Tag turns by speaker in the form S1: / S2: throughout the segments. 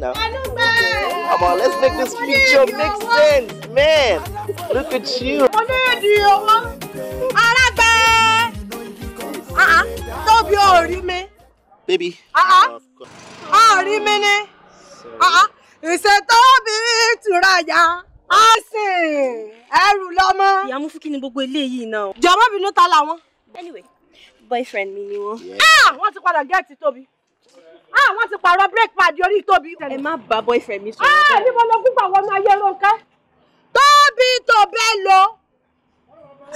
S1: now. Come on, let's make this picture make sense, man. Look at you. Ah, ah. Tóbi ò rí mi. Baby. Ah. Ò ah. rí mi ni. Ìṣètóbi tùràyà á sìn ẹrù lọ́mọ. Ìyá mú fún kí ni gbogbo eléyìí náà. Jọ̀wọ́ bínú ta làwọn. Anyway, boyfriend mi ni wọ́n. Wọ́n ti padà gẹ́ẹ̀tì Toby ah wọ́n ti pààrọ̀ brake pad orí tóbi. ẹ má bá boyfriend mi sọ̀rọ̀ ah, bẹ́ẹ̀. ah níbo lọ gúgbà wọnú ayé ronke. tóbi tó bẹ́ẹ̀ lọ.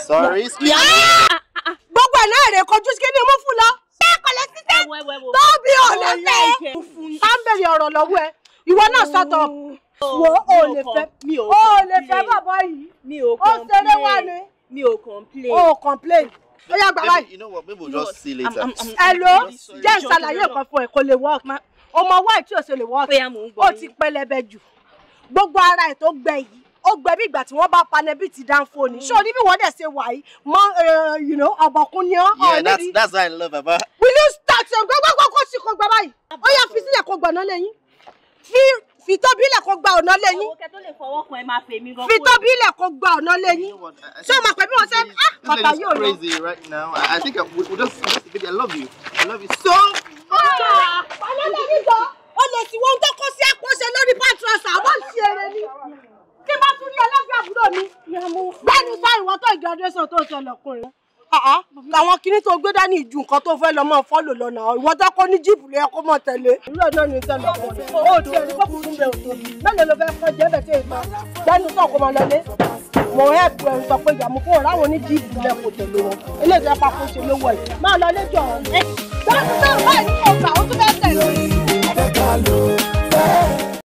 S1: sorry excuse me. Ah, ah, gbogbo ẹ̀ náà rè kojú kí ni mú fún lọ. ṣé kò lè ṣiṣẹ́ tóbi ò lè fẹ́. bá ń bèrè ọ̀rọ̀ lọ́wọ́ ẹ ìwọ náà sọ̀tọ̀ wo o lè fẹ́ o lè fẹ́ bàbá yìí o ṣeré wá ni mi ò complain. o complain ó yá gbà you know what maybe we'll just see later. hello jẹ́ ìsàlàyé kan fún ẹ̀ Call the work ma ọmọ wáì tí o ṣe lè work ó ti pẹlẹbẹ jù gbogbo ara ẹ̀ tó gbẹ yìí ó gbẹ bí ìgbà tí wọ́n bá panẹ́bí ti dánfó ni mm. ṣé o ní bí wọ́n dẹ̀ ṣe wà yìí mọ eh, ọ̀bọ̀kún ni ọ́ ọ̀ yeah that's that's what I love about. will you start ṣe gbogbo kó sì kó gbà báyìí ó yá fi sílẹ̀ kó gbọ̀nà lẹ́yìn fi fi tóbi ilẹ̀ kó gba ọ̀nà lẹ́yìn fi tóbi ilẹ̀ kó gba ọ̀nà lẹ́yìn ṣé o máa pẹ̀ bí wọ́n ṣe ah bàbá yóò lọ. I think we just baby I love you I love you so. ọlọ́lẹ̀ ah! níjọ o lè ti wo ohun tó kó sí àpò ṣe lórí pàtrọ̀sì àwọn ìṣeré ni tí bá tún ní ọlọ́gbẹ́ àbúrò mi gbẹ́nu sọ ìwọ́n tó ìgbàdúrẹ́sọ̀ tó ṣẹlẹ̀ ọkùnrin. Ah, ah. àwọn kinní tó gbé dání ju nǹkan tó fẹ́ lọ mọ́ fọ́lò lọ́nà ìwọ tó kọ́ ní jíìpù ló yẹ kó mọ̀ tẹ̀lé. ìrúlẹ̀ náà ní sẹ́nu ọ̀pọ̀ ó ti ẹni kó kúrú ṣe òtò mẹ́lẹ̀ ló fẹ́ kọ́ jẹ́ bẹ̀tẹ̀ ìgbà dání tó kọ́ mọ́ lọlé. mo hẹ́ pu ẹ̀rù sọ pé ìyàmú kó ráwọn ní jíìpù lẹ kò tẹ̀lé wọn eléyìí tó yẹ pa kó ṣe lówó ẹ̀ máa lọ lẹ́jọ́ ọ̀hún.